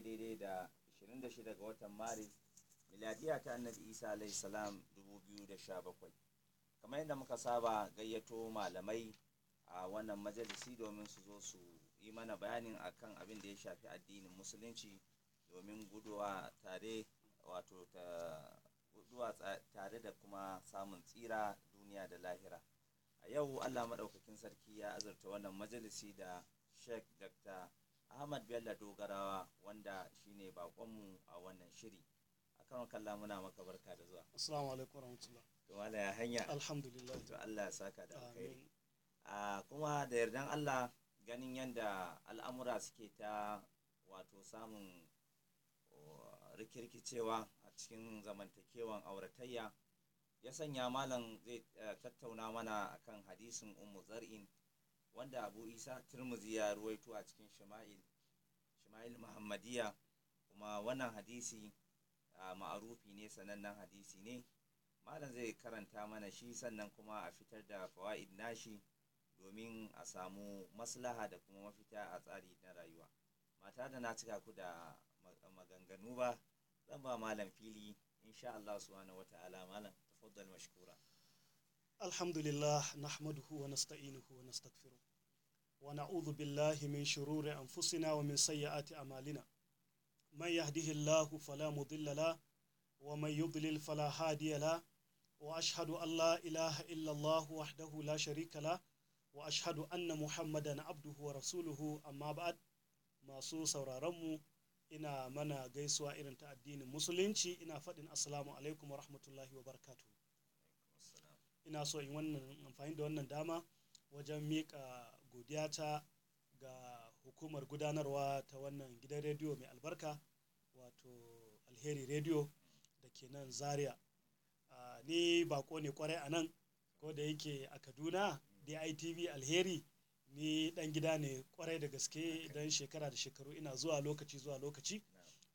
daidai da 26 ga watan maris miladiya ta annabi isa alaihi salam bakwai kamar yadda muka saba gayyato malamai a wannan majalisi domin su zo su yi mana bayanin akan abin da ya shafi addinin musulunci domin guduwa tare wato ta guduwa tare da kuma samun tsira duniya da lahira a yau allah maɗaukakin sarki ya azurta wannan majalisi da sheikh dr ahmad bello dogarawa wanda shine bakonmu a wannan shiri akan kalla muna maka barka da zuwa assalamu alaikum rahmatullah. to wala ya hanya alhamdulillah to Allah ya saka da alkhairi a kuma da yardan Allah ganin yadda al'amura suke ta wato samun uh, rikirkicewa a cikin zamantakewan auratayya ya sanya malam zai uh, tattauna mana akan hadisin ummu zar'in wanda abu isa turmuzi ya ruwaito a cikin shama'il Ismail muhammadiyya kuma wannan hadisi ma'arufi ne sanannen hadisi ne malam zai karanta mana shi sannan kuma a fitar da fawa'id nashi domin a samu maslaha da kuma mafita a tsari na rayuwa mata da na cika ku da maganganu ba zan ba malam fili insha Allah subhanahu ta'ala malam tafaddal mashkura alhamdulillah nahmaduhu wa nasta'inuhu wa nastaghfiruh ونعوذ بالله من شرور أنفسنا ومن سيئات أعمالنا من يهده الله فلا مضل له ومن يضلل فلا هادي له وأشهد أن لا إله إلا الله وحده لا شريك له وأشهد أن محمدا عبده ورسوله أما بعد masu sauraronmu ina mana gaisuwa irin ta addinin musulunci ina faɗin asalamu alaikum wa rahmatullahi wa barakatu ina so in wannan amfani da wannan dama wajen miƙa godiya ta ga hukumar gudanarwa ta wannan gidan rediyo mai albarka wato alheri rediyo da ke nan zaria ni bako ne kwarai a nan ko da yake a kaduna ditv alheri ni dan gida ne kwarai da gaske idan shekara da shekaru ina zuwa lokaci zuwa lokaci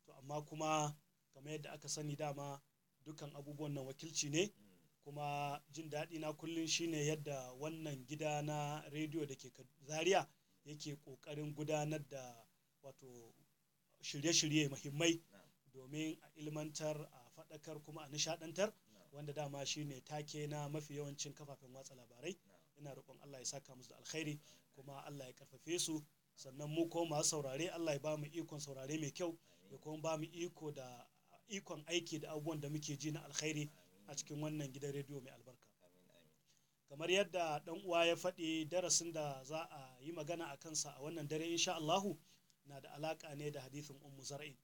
to amma kuma kamar yadda aka sani dama dukan abubuwan nan wakilci ne kuma jin daɗi na kullum shine yadda wannan gida na rediyo da ke zaria yake ƙoƙarin gudanar da wato shirye-shirye muhimmai domin a ilmantar a faɗakar kuma a nishaɗantar wanda dama shine take na mafi yawancin kafafen watsa labarai ina roƙon Allah ya saka musu da alkhairi kuma Allah ya karfafe su sannan mu ko masu saurare Allah ya ba mu ikon saurare mai kyau ya kuma ba mu iko da ikon aiki da abubuwan da muke ji na alkhairi a cikin wannan gidan rediyo mai albarka kamar yadda ɗan uwa ya faɗi darasin da za a yi magana a kansa a wannan dare insha Allahu na da alaƙa ne da hadithin ummu zara'in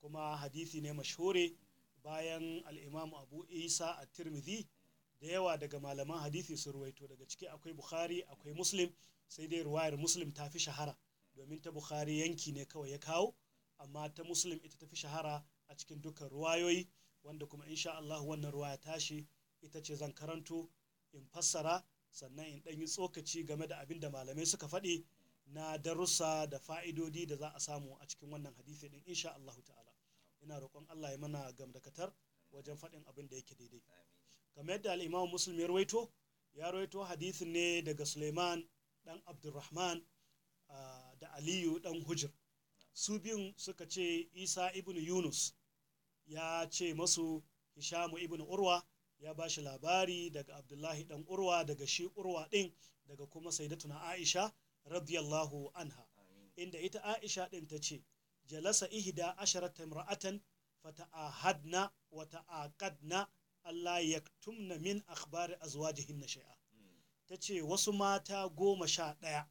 kuma hadithi ne mashhure bayan al'imamu abu isa a tirmidhi da yawa daga malaman hadithi sun ruwaito daga ciki akwai bukhari akwai muslim sai dai ruwayar muslim ta fi shahara domin ta bukhari yanki ne kawai ya kawo amma ta muslim ita ta fi shahara a cikin dukkan ruwayoyi wanda kuma insha Allah wannan ruwa ya tashi ita ce zan karanto in fassara sannan in ɗan yi tsokaci game da abin da malamai suka faɗi na darussa da fa'idodi da za a samu a cikin wannan hadisi din insha Allah ta'ala ina roƙon Allah ya mana gamdakatar wajen faɗin abin da yake daidai kamar yadda al-Imam Muslim ya rawaito ya rawaito hadisin ne daga Suleiman dan Abdurrahman ah, da Aliyu dan Hujr su biyun suka ce Isa ibn Yunus ya ce masu hishamu ibn urwa ya ba shi labari daga abdullahi dan urwa daga shi urwa din daga kuma sayyidatuna aisha radiyallahu anha inda ita aisha din ta ce jalasa ihda asharata imra'atan fata'ahadna wa ta'aqadna Allah yaktumna min akhbari azwajihin shay'a ta ce wasu mata goma sha ɗaya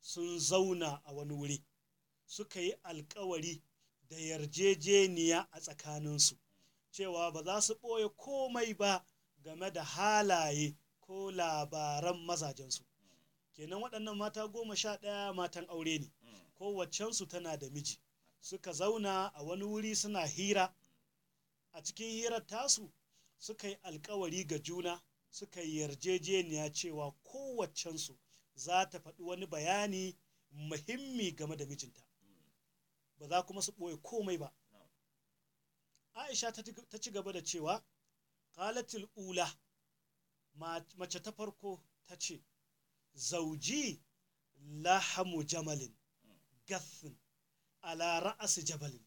sun zauna a wani wuri suka yi alkawari da yarjejeniya a tsakaninsu cewa ba za su ɓoye komai ba game da halaye ko labaran mazajensu kenan waɗannan mata goma sha ɗaya matan aure ne kowaccensu tana da miji suka zauna a wani wuri suna hira a cikin hirar tasu suka yi alkawari ga juna suka yi yarjejeniya cewa kowaccensu za ta faɗi wani bayani muhimmi game da mijinta ba za kuma su ɓoye komai ba aisha ta ci gaba da cewa qalatil ula mace ta farko ta ce zauji lahamu jamalin gathin ala ra'asi jabalin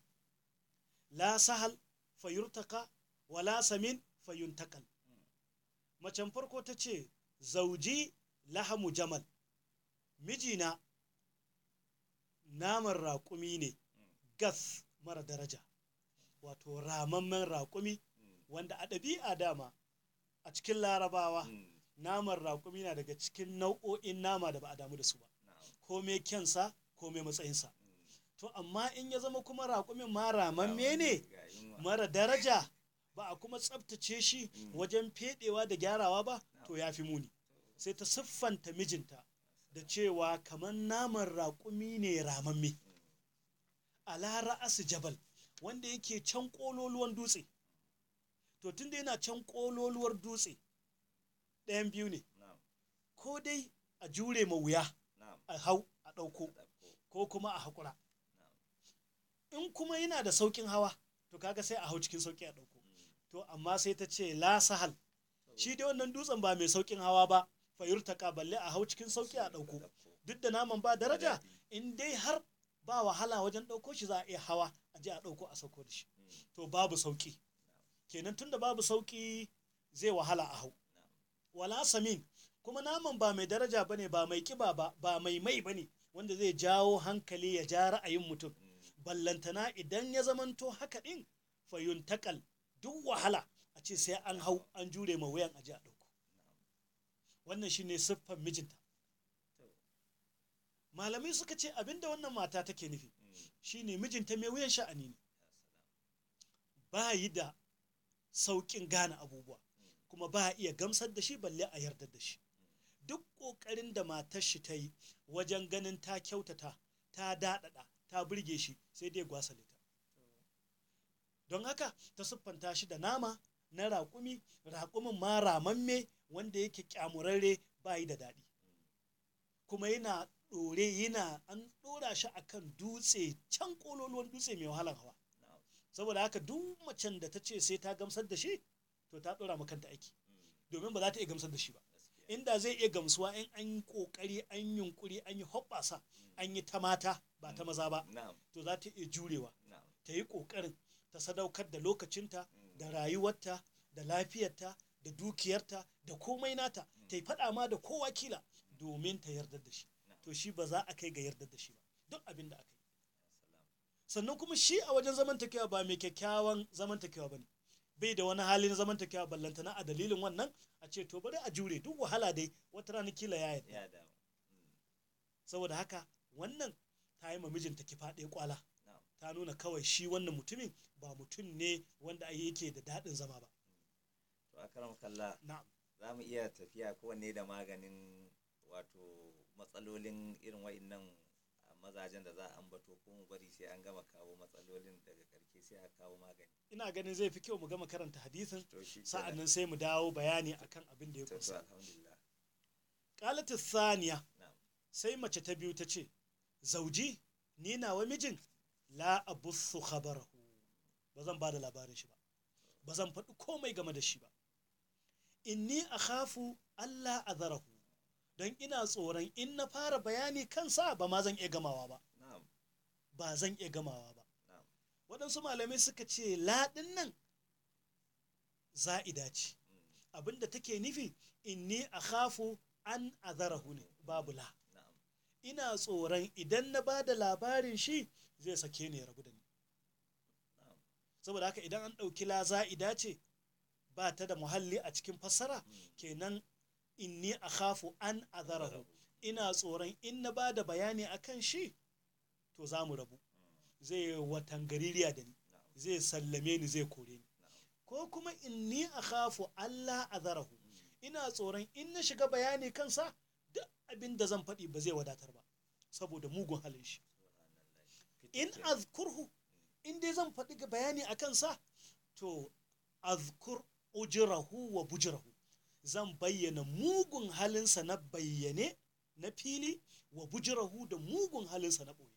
la sahal fayurtaka wala samin fayuntakal macen farko ta ce zauji lahamu jamal mijina naman raƙumi ne gas mara daraja wato ramammen raƙumi wanda a ɗabi'a dama a cikin larabawa hmm. naman raƙumi na daga cikin nau'o'in nama da ba a damu da su ba ko me kyansa ko me matsayinsa hmm. to amma in ya zama kuma raƙumin ma ramamme ne mara daraja ba a kuma tsabtace shi hmm. wajen feɗewa da gyarawa ba to ya fi muni sai ta siffanta mijinta da cewa kamar naman raƙumi ne ramamme ala ra'as jabal wanda yake can kololuwar dutse to tunda yana can kololuwar dutse ɗayan biyu ne ko dai a jure ma wuya a hau a ɗauko ko kuma a haƙura in kuma yana da sauƙin hawa to kaga sai a hau cikin sauƙi a ɗauko mm. to amma sai ta ce la sahal shi dai wannan dutsen ba mai sauƙin hawa ba fayurta balle a hau cikin sauƙi a ɗauko duk da naman ba daraja in dai har ba wahala wajen ɗauko shi za a iya hawa a je a ɗauko a sauko da shi to babu sauki kenan tunda babu sauki zai wahala a hau wala samin kuma naman ba mai daraja bane ba mai kiba ba ba mai mai bane wanda zai jawo hankali ya ja ra'ayin mutum ballantana idan ya zamanto haka ɗin, fayun takal duk wahala a ce sai an hau an jure ma wuyan je a ɗauko wannan shine siffan mijinta malamai suka ce abinda wannan mata take nufi shine mijinta mai wuyan sha'ani ne ba yi da sauƙin gane abubuwa kuma ba iya gamsar da shi balle a yarda da shi duk ƙoƙarin da matar shi ta yi wajen ganin ta kyautata ta daɗaɗa ta burge shi sai dai gwasale ta don haka ta siffanta shi da nama na raƙumi raƙumin ma ramamme wanda yake ƙyamurarre ba yi da daɗi kuma yana ɗore yana an ɗora shi a kan dutse can ƙololuwan dutse mai wahalar hawa saboda haka duk macen da ta ce sai ta gamsar da shi to ta ɗora ma kanta aiki domin ba za ta iya gamsar da shi ba inda zai iya gamsuwa in an yi ƙoƙari, an yi yunƙuri, an yi hoɓɓasa an yi ta mata ba ta maza ba to za ta iya jurewa ta yi ƙoƙarin ta sadaukar da lokacinta da rayuwarta da lafiyarta da dukiyarta da komai nata ta yi faɗa ma da kowa kila domin ta yarda da shi to shi ba za a kai ga yarda da shi ba duk abin da aka yi sannan kuma shi a wajen zamantakewa ba mai kyakkyawan zamantakewa ba ne bai da wani hali na zamantakewa ballantana a dalilin wannan a ce to bari a jure duk wahala dai wata rana kila ya yadda hmm. saboda haka wannan ta yi mijinta ki faɗe kwala ta nuna kawai shi wannan mutumin ba mutum ne wanda yake da daɗin zama ba hmm. to akram kalla za mu iya tafiya kowanne da maganin wato matsalolin irin wa'innan mazajen da za a ambato ko mu bari sai an gama kawo matsalolin daga karke sai a kawo magani ina ganin zai fi kyau mu gama karanta hadisin sa'an nan sai mu dawo bayani akan abin da ya kusa qalatu thaniya sai mace ta biyu ta ce zauji ni nawa mijin la abussu khabarahu ba zan ba da labarin shi ba ba zan faɗi komai game da shi ba inni akhafu Allah azarahu don ina tsoron in na fara bayani kan sa ba ma zan iya gamawa ba ba zan iya gamawa ba waɗansu malamai suka ce laɗin nan za'ida ce hmm. abinda take nufi inni a khafu an azarahu ne babu la ina tsoron idan na ba da labarin shi zai sake ni ya rabu da ni saboda haka idan an ɗauki la za'ida ce ba ta da muhalli a cikin fassara hmm. kenan inni khafu an azarahu ina tsoron in na ba da bayani akan shi to za mu rabu zai watangaririya da ni zai sallame ni zai kore ni ko kuma inni khafu Allah azarahu ina tsoron in na shiga bayani kansa duk abin da zan faɗi ba zai wadatar ba saboda mugun halin shi in azkurhu in dai zan faɗi bayani a kansa to azkur ujirahu wa bujirahu zan bayyana mugun halinsa na bayyane na fili wa bujirahu da mugun halinsa na ɓoye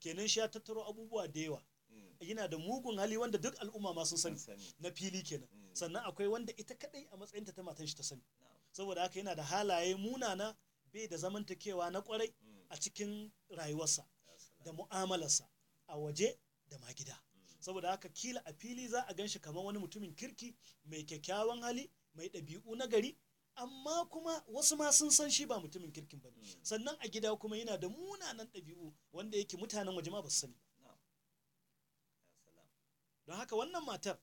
kenan shi ya tattaro abubuwa da yawa mm. yana da mugun hali wanda duk al'umma ma sun sani na fili kenan mm. sannan akwai wanda ita kadai a matsayin ta matan shi ta sani saboda haka yana da halaye munana bai da zamantakewa na kwarai mm. a cikin rayuwarsa da mu'amalarsa a waje da ma gida saboda haka kila a fili za a shi kamar wani mutumin kirki mai kyakkyawan hali mai ɗabi'u na gari amma kuma wasu ma sun san shi ba mutumin kirkin ba ne hmm. sannan a gida kuma yana da munanan ɗabi'u wanda yake mutanen waje ma ba su sani don haka wannan matar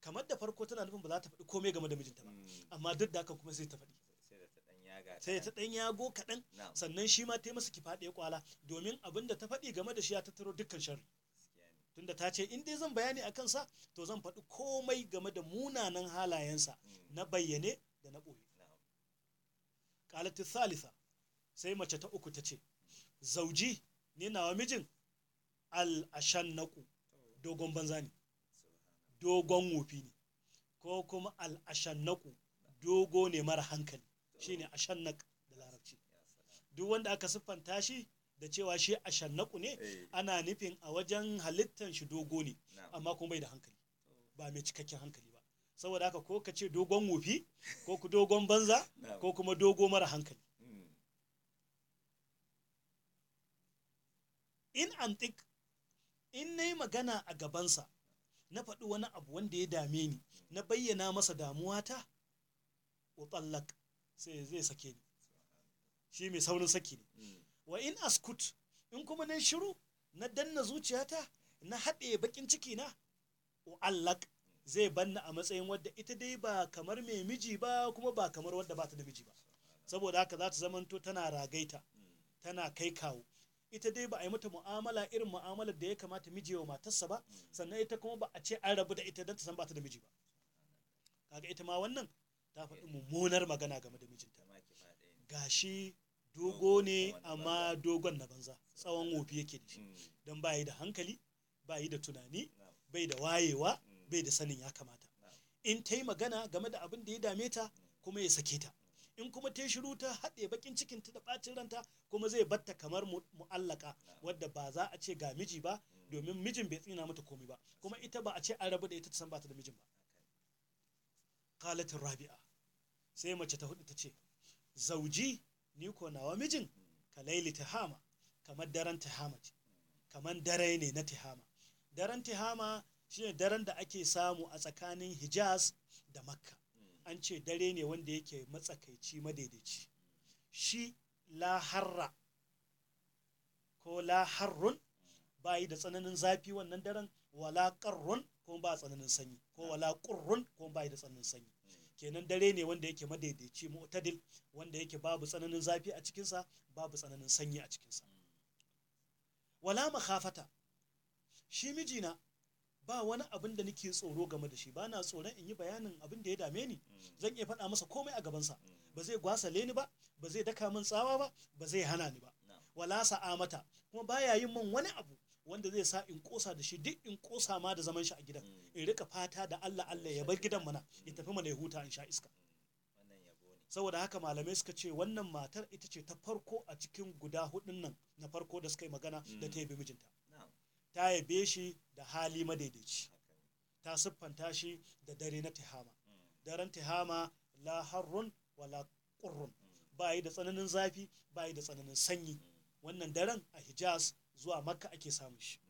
kamar da farko tana nufin ba za ta faɗi komai game da mijinta ba hmm. amma duk da haka kuma sai ta faɗi sai ta ɗan yago kaɗan sannan shi ma ta yi masa kifaɗe kwala domin abin da ta faɗi game da shi ya tattaro dukkan sharri tunda ta ce in dai zan bayani a kansa to zan faɗi komai game da munanan halayensa na bayyane da na ɓoye ƙalatu Salisa sai mace ta uku ta ce zauji ne nawa mijin al'ashan naku dogon banza ne dogon wofi ne ko kuma al'ashan naku dogo ne mara hankali Shi shine ashan da larabci duk wanda aka siffanta shi da cewa shi a shannaku ne eh. ana nufin a wajen halittar shi dogo ne amma kuma bai da hankali ba mai cikakken hankali ba saboda haka ko ka ce dogon wufi ko ku dogon banza ko kuma dogo mara hankali hmm. in antik in na yi magana a gabansa na faɗi wani abu wanda ya dame ni na bayyana masa damuwata tsallaka. sai zai sake ni shi mai saurin saki ne hmm. wa in askut in kuma nan shiru na danna zuciyata na haɗe bakin ciki na allak zai banna a matsayin wadda ita dai ba kamar mai miji ba kuma ba kamar wadda ba ta da miji ba saboda haka za ta zamanto tana ragaita tana kai kawo ita dai ba a yi mata mu'amala irin mu'amalar da ya kamata miji wa matarsa ba sannan ita kuma ba a ce an rabu da ita don ta san ba ta da miji ba kaga ita ma wannan ta faɗi mummunar magana game da mijinta gashi dogo ne amma dogon na banza tsawon wofi yake da shi mm. don ba yi da hankali ba yi da tunani bai da wayewa mm. bai da sanin ya kamata mm. in ta yi magana game da abin da ya dame ta kuma ya sake ta in kuma ta yi shiru ta haɗe bakin cikin ta da ɓacin ranta kuma zai batta kamar mu'allaka wadda ba za a ce ga miji ba domin mijin bai tsina mata komai ba kuma ita ba a ce an rabu da ita ta san ba ta da mijin ba qalatin rabi'a sai mace ta hudu ta ce zauji ni ko nawa mijin ka laili tihama kamar daren tihama ce kamar dare ne na tihama daren tihama shine daren da ake samu a tsakanin hijaz da makka an ce dare ne wanda yake matsakaici madaidaici shi la harra ko la harrun yi da tsananin zafi wannan daren wala karrun ko ba tsananin sanyi ko wala kurrun ko yi da tsananin sanyi kenan dare ne wanda yake madaidaici mu'tadil wanda yake babu tsananin zafi a cikinsa babu tsananin sanyi a cikinsa wala makhafata shi mijina ba wani abin da nake tsoro game da shi ba na tsoron in yi bayanin abin da ya dame ni zan iya faɗa masa komai a gabansa ba zai gwasale ni ba ba zai daka min tsawa ba ba zai hana ni ba wala sa'amata kuma baya yin min wani abu wanda zai sa in kosa da shi duk in kosa ma da zaman shi a gidan mm. in rika fata da Allah Allah ya bar gidan mana Ya tafi mana ya huta in sha iska saboda haka malamai suka ce wannan matar ita ce ta farko a cikin guda hudun nan na farko da suka yi magana da ta mm. yabi mijinta ta yabe shi da hali madaidaici ta siffanta shi da dare na tihama mm. daren tihama la harrun wala qurrun ba yi da tsananin zafi ba yi da tsananin sanyi wannan daren a hijaz zuwa makka ake samun shi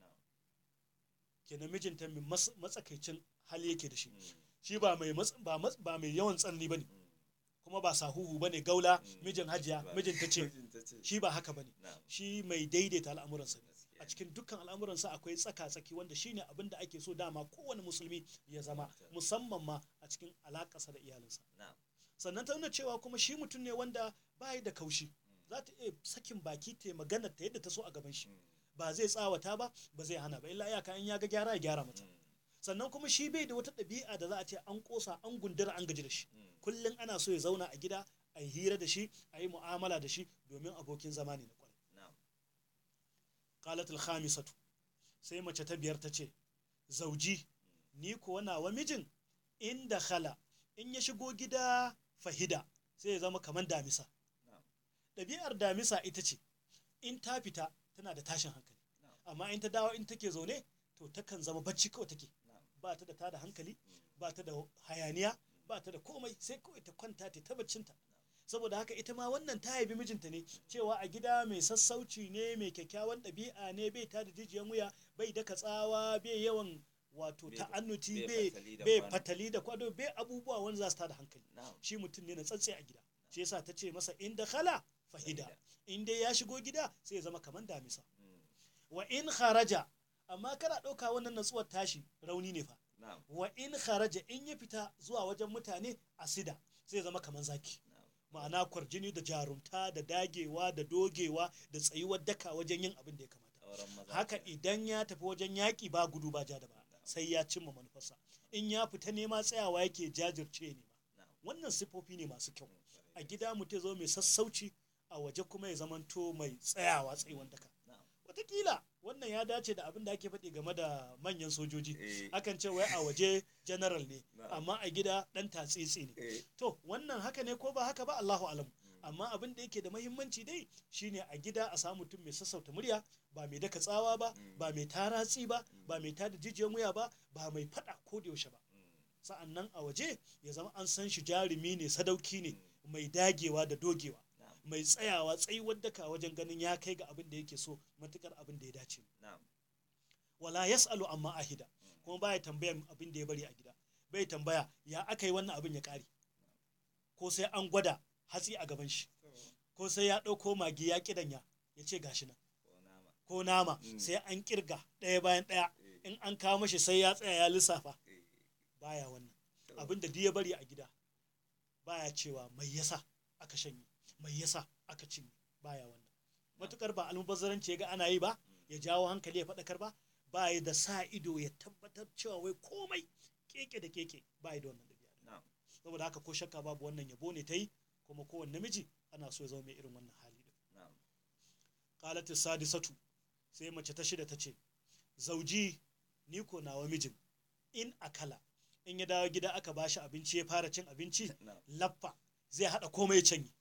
kenan mijinta mai matsakaicin hali yake da shi mm. shi ba mai yawan tsanani ne mm. kuma ba sahuhu ne gaula mm. mijin hajiya mijin ta ce shi ba haka ba ne shi mai daidaita al'amuransa a cikin dukkan al'amuransa akwai tsaka-tsaki wanda shi ne abinda ake so dama kowane musulmi ya zama musamman ma a cikin alakarsa da iyalinsa sannan ta nuna cewa kuma shi mutum ne wanda ba da kaushi za ta iya sakin baki ta magana ta yadda ta so a gaban shi ba zai tsawata ba ba zai hana ba illa iyaka in ya ga gyara ya gyara mata sannan kuma shi bai da wata ɗabi'a da za a ce an ƙosa an gundura an gaji da shi kullum ana so ya zauna a gida a hira da shi a yi mu'amala da shi domin abokin zama ne na kwarai qalat khamisatu sai mace ta biyar ta ce zauji ni kuwa nawa mijin in da khala in ya shigo gida fahida sai ya zama kamar damisa ɗabi'ar damisa ita ce in ta fita tana da tashin hankali amma in ta dawo in take zaune to takan zama bacci kawai take ba ta da tada hankali ba ta da hayaniya ba ta da komai sai kawai ta kwanta ta ta baccinta saboda haka ita ma wannan ta haifi mijinta ne cewa a gida mai sassauci ne mai kyakkyawan ɗabi'a ne bai ta da jijiyan wuya bai daka tsawa bai yawan wato ta'annuti bai fatali da kwado bai abubuwa wanda za su tada hankali shi mutum ne na tsantsi a gida shi yasa ta ce masa inda kala. fahida in dai ya shigo gida sai ya zama kamar damisa wa in kharaja amma kana ɗauka wannan natsuwar tashi rauni ne fa wa in kharaja in ya fita zuwa wajen mutane a sida sai ya zama kamar zaki ma'ana kwarjini da jarumta da dagewa da dogewa da tsayuwar daka wajen yin abin da ya kamata haka idan ya tafi wajen yaki ba gudu ba ja da ba sai ya cimma manufarsa in ya fita nema tsayawa yake jajirce ne wannan sifofi ne masu kyau mm, a gida mu mutum zo mai sassauci a waje kuma ya zamanto mai tsayawa tsayuwan daka watakila wannan ya dace da abin da ake faɗi game da manyan sojoji eh. akan ce wai a waje general ne amma a gida ɗan tatsitsi ne eh. to wannan haka ne ko ba haka ba allahu alamu hmm. amma abin da yake da mahimmanci dai shine a gida a samu mutum mai sassauta murya ba mai daka tsawa ba hmm. ba mai taratsi ba hmm. ba mai tada jijiyar muya ba ba mai faɗa ko da yaushe ba sa'annan a waje ya zama an san shi jarumi ne sadauki ne mai dagewa da dogewa mai tsayawa tsayi daka wajen ganin ya kai ga abin da yake so matukar abin da ya dace wala yasalu amma ahida kuma baya tambayar abin da ya bari a gida bai tambaya ya aka yi wannan abin ya kare ko sai an gwada hatsi a gaban shi ko sai ya ɗauko magi ya kidanya ya ce gashi nan ko nama mm. sai an kirga ɗaya bayan ɗaya eh. in an kama shi sai ya tsaya ya lissafa eh. baya wannan abin da ya bari a gida baya cewa mai yasa aka shanye mai yasa aka cinye baya wannan matukar ba almubazzaranci ya ga ana yi ba ya jawo hankali ya faɗakar ba ba ya da sa ido ya tabbatar cewa wai komai keke da keke ba ya da wannan ɗabi'a saboda haka ko shakka babu wannan yabo ne ta yi kuma kowane namiji ana so ya zama mai irin wannan hali din sadi sadisatu sai mace ta shida ta ce zauji ni ko nawa mijin in a kala in ya dawo gida aka bashi abinci ya fara cin abinci laffa zai haɗa komai ya canyi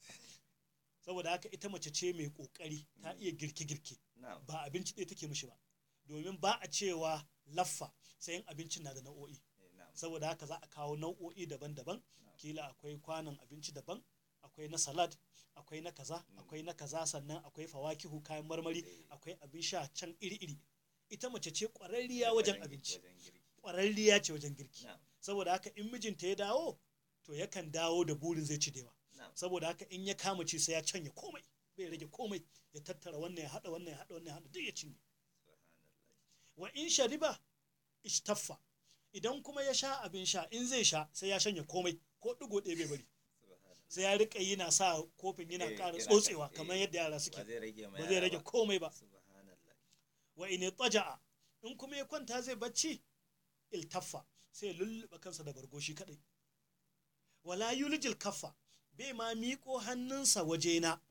saboda haka ita mace ce mai kokari ta iya girke-girke ba abinci ɗaya take mishi ba domin ba a cewa laffa sayan abincin na da nau'o'i eh, saboda haka za a kawo nau'o'i daban-daban kila akwai kwanan abinci daban akwai na salad akwai na kaza mm. akwai na kaza sannan akwai fawakihu kayan marmari eh. akwai abin sha can iri-iri ita mace ce ƙwararriya wajen abinci ƙwararriya ce wajen girki saboda haka in mijinta ya dawo to yakan dawo da burin zai ci dawa. saboda haka in ya kama ci sai ya canye komai bai rage komai ya tattara wannan ya hada wannan ya hada wannan ya hada duk ya cinye wa in shariba ishtaffa idan kuma ya sha abin sha in zai sha sai ya shanye komai ko digo ɗaya bai bari sai ya rika yana sa kofin yana eh, ƙara tsotsewa kamar eh, yadda yara suke ba zai rage komai ba wa in taja'a in kuma ya kwanta zai bacci iltaffa sai ya lulluɓa kansa da bargo kadai wala yulijil kaffa bai ma miƙo hannunsa wajena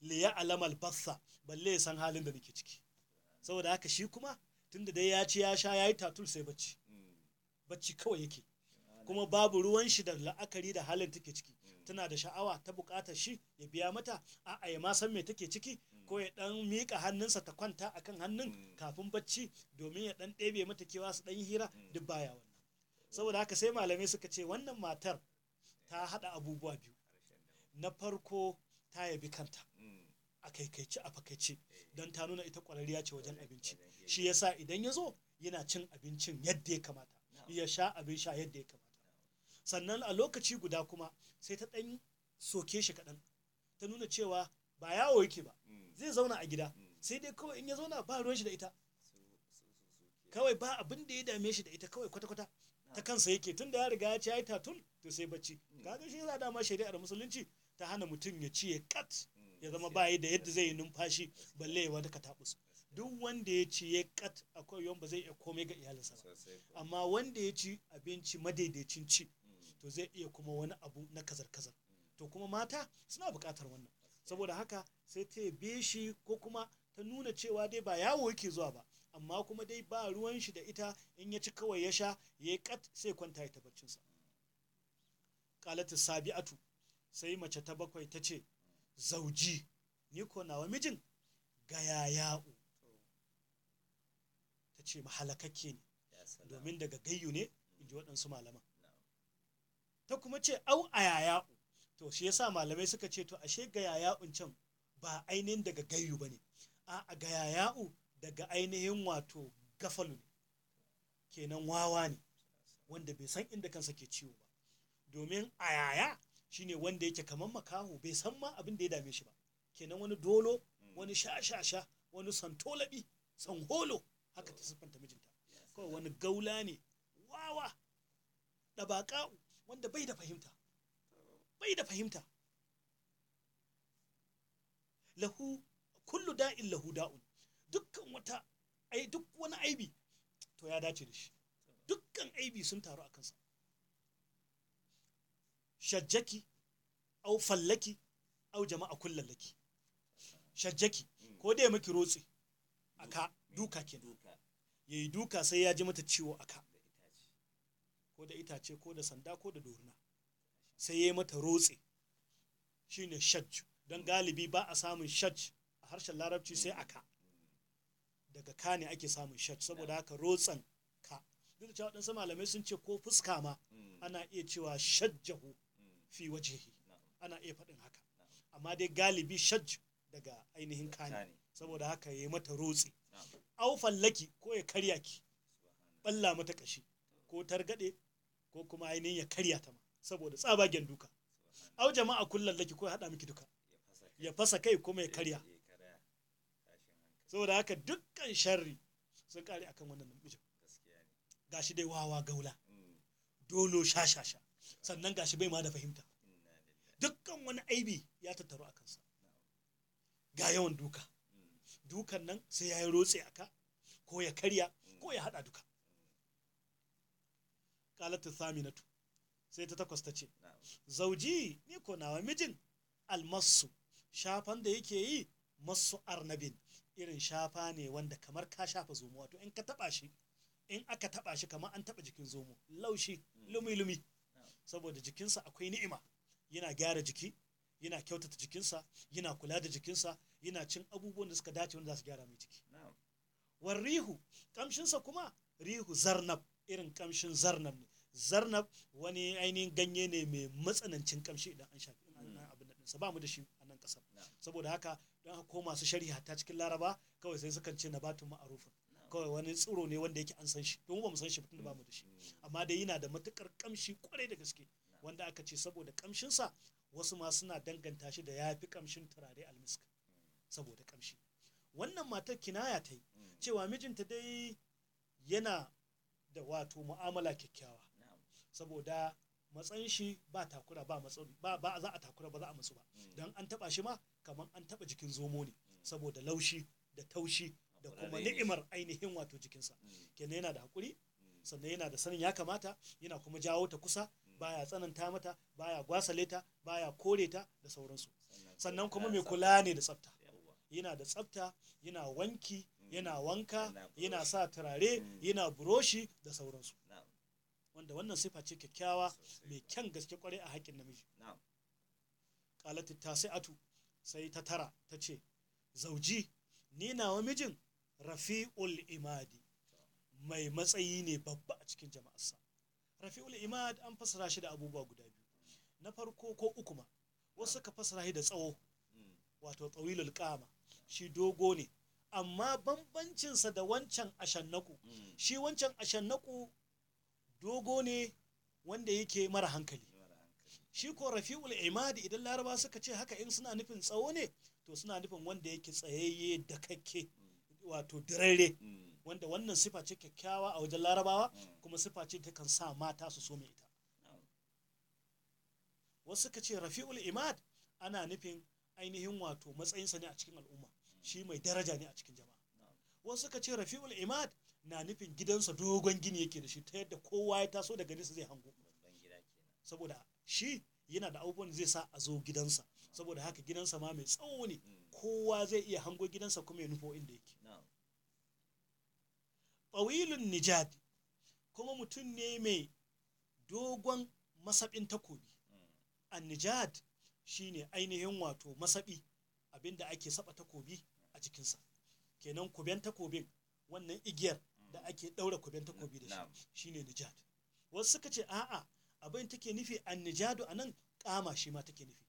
na ya alamal bassa balle ya san halin da nake ciki saboda haka shi kuma tunda dai ya ci ya sha ya yi tatul sai bacci bacci kawai yake kuma babu ruwan shi da la'akari da halin take ciki tana da sha'awa ta bukatar shi ya biya mata a ya ma san me take ciki ko ya dan miƙa hannunsa ta kwanta akan hannun kafin bacci domin ya dan ɗebe mata kewa su dan hira duk baya wannan saboda haka sai malamai suka ce wannan matar ta haɗa abubuwa biyu na farko ta yabi kanta a kaikaici a fakaice don ta nuna ita kwararriya ce wajen abinci shi yasa idan ya zo yana cin abincin yadda ya kamata ya sha abin sha yadda ya kamata sannan a lokaci guda kuma sai ta ɗan soke shi kaɗan ta nuna cewa ba yawo yake ba zai zauna a gida sai dai kawai in ya zauna ba ruwan shi da ita kawai ba abin da ya dame shi da ita kawai kwata-kwata ta kansa yake tun da ya riga ya ci ya yi tatun to sai bacci kaga shi yasa dama shari'ar musulunci ta hana mutum ya ci ya kat ya mm, zama bayi da yadda zai yi numfashi balle ya wata katabus duk wanda ya ci ya kat akwai yawan ba zai iya komai ga iyalinsa ba amma wanda ya ci abinci madaidaicin ci mm. to zai iya kuma wani abu na kazar kazar mm. to kuma mata suna buƙatar wannan saboda haka sai ta yabe shi ko kuma ta nuna cewa dai ba yawo yake zuwa ba amma kuma dai ba ruwan shi da ita in ya ci kawai ya sha ya kat sai kwanta ya tabbacinsa qalatu sabi'atu sai mace ta bakwai ta ce zauji ni ko nawa mijin ga ta ce mahalakakke ne domin daga gayyu ne in ji waɗansu malaman ta kuma ce au a to shi yasa malamai suka ce to ashe ga can ba ainihin daga gayyu ba ne a ga daga ainihin wato gafalu kenan wawa ne wanda bai san inda kansa ke ciwo ba domin a yaya shine wanda yake kamar makaho bai san ma abin da ya dame shi ba kenan wani dolo mm. wani shashasha wani santolabi sanholo haka ta siffanta mijinta kawai wani gaula ne wawa ɗabaƙa wanda bai da fahimta bai da fahimta lahu kullu da'in lahu da'un dukkan wata ai duk wani aibi to ya dace da shi dukkan aibi sun taru a kansa shajjaki au fallaki au jama'a laki shajjaki ko dai miki rotse aka duka ke ya yi duka sai ya ji mata ciwo aka ko da itace ko da sanda ko da dorina sai ya yi mata rotse shine shajju don galibi ba a samun shaj a harshen larabci sai aka daga ka ne ake samun shaj saboda haka rotsan ka duk da cewa malamai sun ce ko fuska ma hmm. ana iya cewa shajjahu fi waje ana iya faɗin haka amma dai galibi shaj daga ainihin kani saboda haka ya mata rotsi au fallaki ko ya karya ki balla mata kashi ko targade ko kuma ainihin ya karya ta ma saboda tsabagen duka au jama'a kullum laki ko ya haɗa miki duka ya fasa kai kuma ya eh, karya saboda haka dukkan sharri sun kare akan wannan namijin gashi dai wawa gaula mm. dolo shashasha sannan gashi bai ma da fahimta dukkan wani aibi ya tattaru a kansa ga yawan duka dukan nan sai ya yi rotse a ka ko ya karya ko ya haɗa duka sami saminatu sai ta takwas ta ce zauji ni ko nawa mijin almasu shafan da yake yi masu arnabin irin shafa ne wanda kamar ka shafa zomo wato in ka taɓa shi in aka taɓa shi kamar an taɓa jikin zomo laushi lumi-lumi saboda jikinsa akwai ni'ima yana gyara jiki yana kyautata jikinsa yana kula da jikinsa yana cin abubuwan da suka dace wanda za su gyara mai jiki war rihu kamshinsa kuma rihu zarnab irin kamshin zarnab ne zarnab wani ainihin ganye ne mai matsanancin kamshi idan an shafi hmm. abin da ba mu da shi a nan kasar saboda haka don haka ko masu sharhi hatta cikin laraba kawai sai sukan ce na batun ma'arufin kawai wani tsiro ne wanda yake an san shi don ba mu san shi tun da ba mu da shi amma dai yana da matukar kamshi kwarai da gaske wanda aka ce saboda kamshinsa wasu ma suna danganta shi da ya fi kamshin turare almisk saboda kamshi wannan matar kinaya ta yi cewa mijinta dai yana da wato mu'amala kyakkyawa saboda matsayin shi ba takura ba matsori ba ba za a takura ba za a matsu ba don an taba shi ma kamar an taba jikin zomo ne saboda laushi da taushi da kuma ni'imar ainihin wato jikinsa mm. kenan yana da hakuri mm. sannan yana da sanin ya kamata yana kuma jawo ta kusa mm. baya tsananta mata baya gwasale ta baya kore ta da sauransu sannan kuma mai kula ne da tsafta yana da tsafta yana wanki yana wanka yana sa turare yana buroshi da sauransu wanda wannan sifa ce kyakkyawa mai kyan gaske kwarai a haƙƙin namiji kalatu ta sai ta tara ta ce zauji ni na wa mijin rafi'ul imadi mai matsayi ne babba a cikin jama'arsa rafi'ul imad an fasara shi da abubuwa guda biyu na farko ko uku ma wasu ka fasara shi da tsawo wato tsawilul kama shi dogo ne amma bambancinsa da wancan ashannaku shi wancan ashannaku dogo ne wanda yake mara hankali shi ko rafi'ul imadi idan laraba suka ce haka in suna nufin tsawo ne to suna nufin wanda yake tsayayye da kakke wato dirare mm. wanda wannan sifa ce kyakkyawa a wajen larabawa mm. kuma sifa ce ta kan sa mata su so ita wasu suka ce rafi'ul imad ana nufin ainihin wato matsayinsa ne a cikin al'umma mm. shi mai daraja ne a cikin jama'a wasu suka ce rafi'ul imad na nufin gidansa dogon gini yake da shi ta yadda kowa ya taso daga nesa zai hango saboda shi yana da abubuwan zai sa a zo gidansa saboda haka gidansa ma mai tsawo ne kowa zai iya hango gidansa kuma ya nufo inda yake tawilun nijad kuma mutum ne mai dogon masabin takobi an nijad shine ainihin wato masabi abinda ake saba takobi a cikinsa kenan kuben takobin wannan igiyar da ake daura kuben takobi da shi shine nijad wasu suka ce a'a abin take nufi an nijadu nan kama shi ma take nufi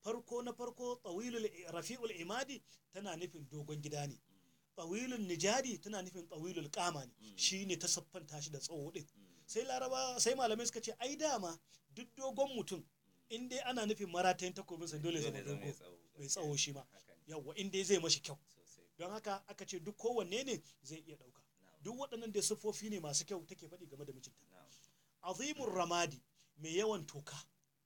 farko na farko tawilul rafi'ul imadi tana nufin dogon gida ne ƙawilun nijadi tana nufin tawilul kama ne hmm. shine ta siffanta shi da tsawo ɗin hmm. sai laraba sai malamai suka ce ai dama duk dogon mutum hmm. in dai ana nufin maratayin takobin sa dole zama dogo mai tsawo shi ma yawa in zai mashi kyau don haka aka ce duk kowanne ne zai iya ɗauka duk waɗannan da siffofi ne masu kyau take faɗi game da mijinta azimun ramadi mai yawan toka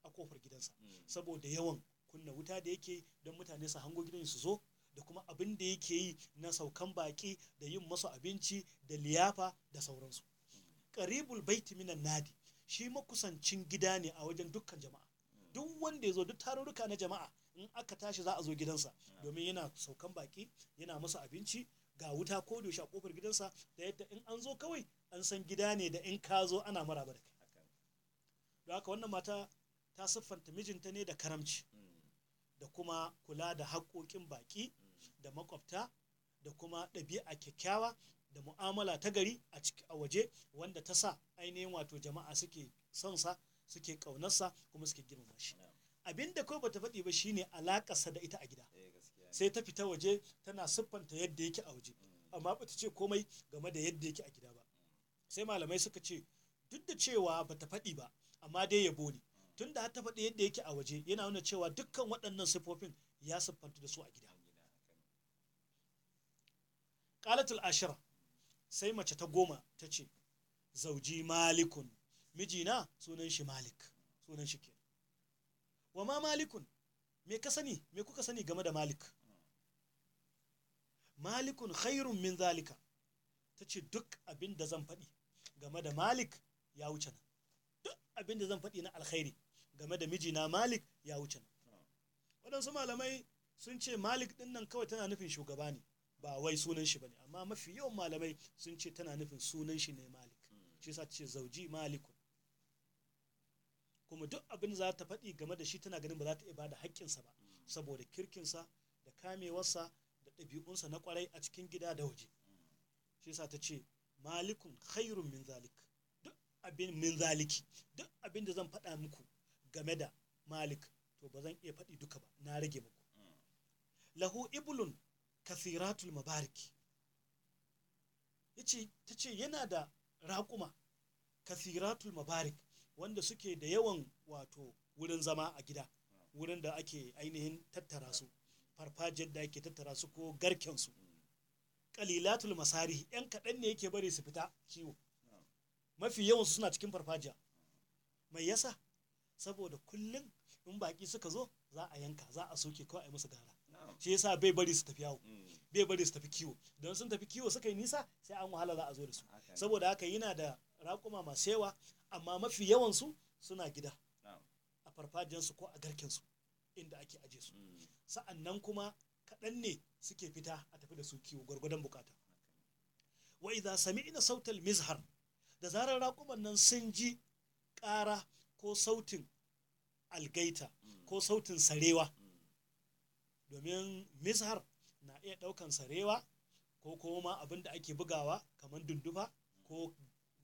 a kofar gidansa saboda yawan kunna wuta da yake don mutane su hango gidan su zo da kuma abin da yake yi na saukan baki da yin masu abinci da liyafa da sauransu karibul baiti minan nadi shi makusancin gida ne a wajen dukkan jama'a duk wanda ya zo duk tarurruka na jama'a in aka tashi za a zo gidansa domin yana saukan baki yana masu abinci ga wuta ko da a kofar gidansa da yadda in an zo kawai an san gida ne da in ka zo ana maraba da kai don haka wannan mata ta siffanta mijinta ne da karamci da kuma kula da haƙoƙin baƙi da makwabta da kuma ɗabi'a kyakkyawa da mu'amala ta gari a ciki a waje wanda ta sa ainihin wato jama'a suke son sa suke ƙaunarsa kuma suke girmama shi abin da kawai bata faɗi ba shine alaƙarsa da ita a gida eh, sai ta fita waje tana siffanta yadda yake a waje mm. amma bata ce komai game da yadda yake a gida ba sai malamai suka ce duk da cewa bata faɗi ba amma dai yabo ne mm. Tunda har ta faɗi yadda yake a waje yana nuna cewa dukkan waɗannan siffofin ya siffanta da su a gida qalatul ashira sai mace ta goma ta ce zauji malikun mijina sunan shi malik sunan shi ke wa ma malikun me me kuka sani game da malik malikun khairun min zalika ta ce duk abin da zan faɗi game da malik ya wuce nan duk abin da zan faɗi na alkhairi game da mijina malik ya wuce nan waɗansu malamai sun ce malik ɗin nan kawai tana nufin shugaba ne ba wai sunan shi bane amma mafi yawan malamai sun ce tana nufin sunan shi ne malik shi yasa ce zauji malikun kuma duk abin za ta faɗi game da shi tana ganin ba za ta ibada bada haƙƙinsa ba saboda kirkinsa da kamewarsa da ɗabi'unsa na ƙwarai a cikin gida da waje shi yasa ta ce malikun khairun min zalik duk abin min zaliki duk abin da zan faɗa muku game da malik to ba zan iya faɗi duka ba na rage muku lahu ibulun kathiratul mabariki yace tace yana da raƙuma kathiratul mabarik wanda suke da yawan wato wurin zama a gida wurin da ake ainihin tattara su farfajiyar da ake tattara su ko garken su kalilatul masari yan kaɗan ne yake bari su fita kiwo mafi yawan su suna cikin farfajiya mai yasa saboda kullum in baki suka zo za a yanka za a soke kawai a musu gara shi yasa bai bari su tafi yawo mm. bai bari su tafi kiwo don sun tafi kiwo suka yi nisa sai an wahala za a zo da su saboda haka yana da raƙuma masu yawa amma mafi yawan su suna gida a farfajiyar su ko a garken su inda ake aje su mm. sa'annan kuma kaɗan ne suke fita a tafi da su kiwo gwargwadon bukata wa idza sami'na sautal mizhar da zarar raƙuman nan sun ji ƙara ko sautin algaita mm. ko sautin sarewa domin mishar na iya ɗaukan sarewa ko kuma abin da ake bugawa kamar dundufa ko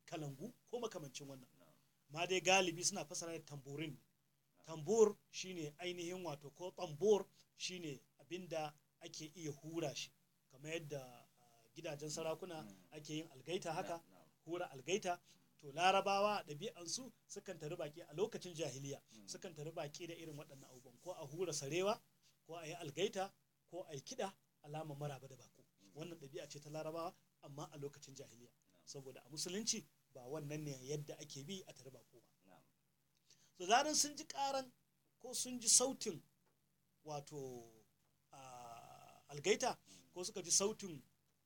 kalangu ko makamancin wannan ma dai galibi suna fasara da tamburin tambur shine ainihin wato ko tambur shine abin da ake iya hura shi kamar yadda ah, gidajen sarakuna ake yin algaita haka hura algaita to larabawa ɗabi'ansu sukan tari baki a lokacin jahiliya sukan tari baki da irin waɗannan abubuwan ko a hura sarewa ko a yi algaita ko a yi kiɗa alama maraba da bako wannan ɗabi'a ce ta larabawa amma a lokacin jahiliya saboda a musulunci ba wannan ne yadda ake bi a tare bako ba so zarar sun ji karan ko sun ji sautin wato algaita ko suka ji sautin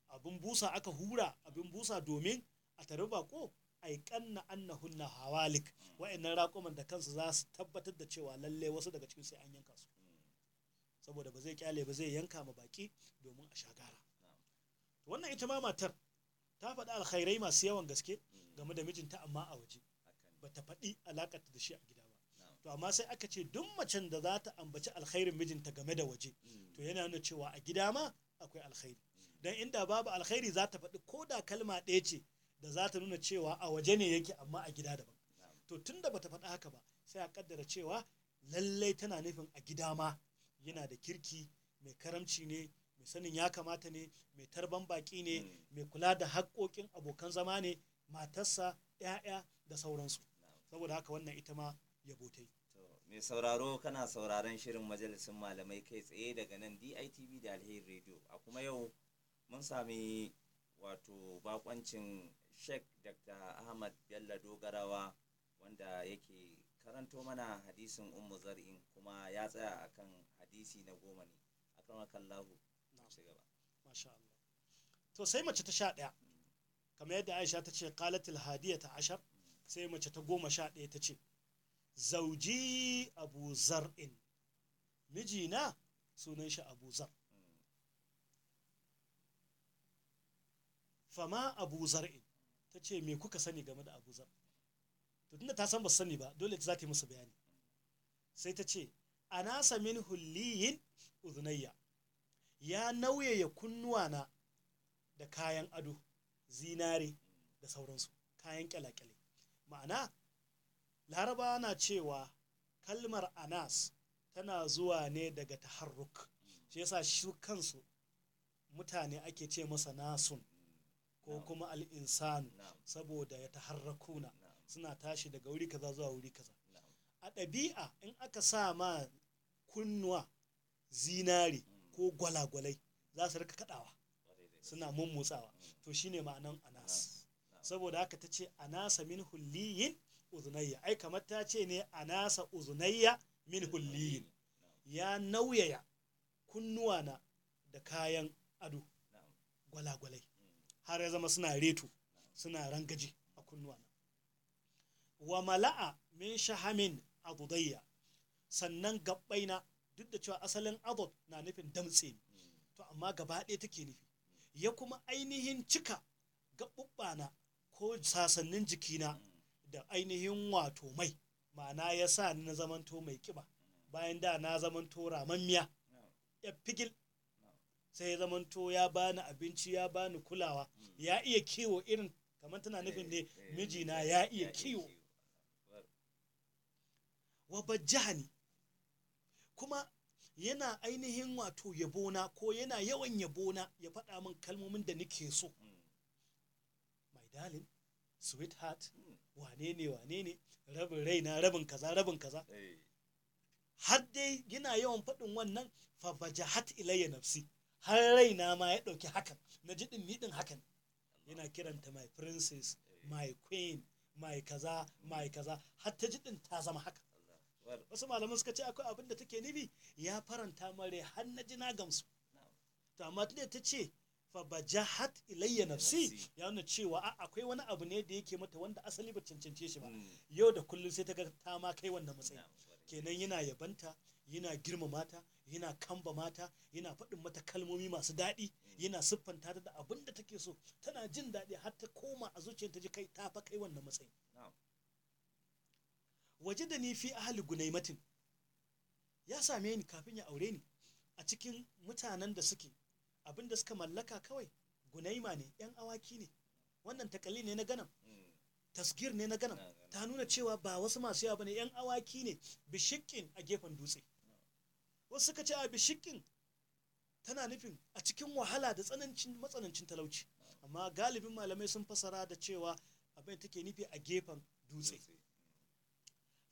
abin busa aka hura abin busa domin a tare ko ai kanna annahunna hawalik wa'annan raƙuman da kansu za su tabbatar da cewa lalle wasu daga cikin sai an yanka su saboda ba zai kyale ba zai yanka ma baki domin a shagara wannan ita ma matar ta faɗi alkhairai masu yawan gaske game da mijinta amma a waje ba ta faɗi alaƙar da shi a gida ba to amma sai aka ce duk macen da za ta ambaci alkhairin mijinta game da waje to yana nuna cewa a gida ma akwai alkhairi dan inda babu alkhairi za ta faɗi ko da kalma ɗaya ce da za ta nuna cewa a waje ne yake amma a gida daban to tunda bata faɗi haka ba sai a kaddara cewa lallai tana nufin a gida ma yana da kirki mai karamci ne mai sanin ya kamata ne mai tarban baki ne hmm. mai kula da haƙoƙin abokan zama ne matarsa ‘ya'ya da sauransu saboda haka wannan ita ma yabo ta mai sauraro kana sauraron shirin majalisun malamai kai tsaye daga nan DITV da Alheri Radio a kuma yau mun sami wato bakoncin Sheikh Dr. Ahmad Bello Dogarawa wanda yake karanto mana hadisin umu Zar'in kuma ya tsaya akan hadisi na goma ne akan kallahu ci gaba masha Allah to sai mace ta sha ɗaya kamar yadda Aisha ta ce qalatil hadiyata ashar sai mace ta goma sha ɗaya ta ce zauji abu zar'in mijina sunan shi abu zar fama abu zar'in ta ce me kuka sani game da abu zar to tunda ta san ba sani ba dole ta za ta yi musu bayani sai ta ce anasa min hulliyin uzunayya ya nauyaya na da kayan ado zinare da sauransu kayan kyalakyalai ma'ana laraba na cewa kalmar anas tana zuwa ne daga taharruk shi yasa shi kansu mutane ake ce masa nasun ko kuma al'insanu saboda ya taharrakuna suna tashi daga wuri kaza zuwa wuri kaza a ɗabi'a in aka sa ma kunnuwa zinare ko gwalagwalai za su rika kaɗawa suna mummutsawa to shine ma'anan anas saboda haka ta ce anasa min hulliyin uzunayya ai kamar ta ce ne anasa uzunayya min hulliyin ya nauyaya kunnuwa na da kayan ado gwalagwalai har ya zama suna reto suna rangaji a kunnuwa na wa mala'a min shahamin adudayya sannan gabbaina duk da cewa asalin adud na nufin damtse ne to amma gaba ɗaya take nufi ya kuma ainihin cika na ko sasannin jikina da ainihin wato mai ma'ana ya sa ni na zamanto mai kiba bayan da na zamanto ramammiya ya figil sai ya zamanto ya bani abinci ya bani kulawa ya iya kiwo irin kamar tana nufin ne eh, eh, mijina eh, ya iya kiwo wa bajjani kuma yana ainihin wato yabona ko yana yawan yabona ya faɗa min kalmomin da nake so my darling sweetheart wane ne wane ne rabin raina rabin kaza rabin kaza eh. har dai yana yawan faɗin wannan fa bajahat ilayya nafsi har raina ma ya ɗauki hakan na ji ɗin ɗin hakan yana kiranta my princess eh. my queen my kaza my kaza har ta ɗin ta zama haka wasu malaman suka ce akwai abin da take nufi ya faranta mare har na ji gamsu to amma tunda ta ce fa ba bajahat ilayya nafsi ya nuna cewa akwai wani abu ne da yake mata wanda asali ba cancance shi ba hmm. yau da kullum sai ta ga ta ma kai wannan matsayi kenan yana yabanta yana girmama ta yana kamba mata yana faɗin mata kalmomi masu daɗi hmm. yana siffanta ta da abin da take so tana jin daɗi har ta koma a zuciyarta ji kai ta fa kai wannan matsayi waje da ni fi ahli gunaimatin ya same ni kafin ya aure ni a cikin mutanen da suke abin da suka mallaka kawai gunaima ne yan awaki ne wannan takali ne na ganam tasgir ne na ganam ta nuna cewa ba wasu masu yawa bane yan awaki ne bishikin a gefen dutse wasu suka ce a bishikin tana nufin a cikin wahala da tsanancin matsanancin talauci amma galibin malamai sun fasara da cewa abin take nufi a gefen dutse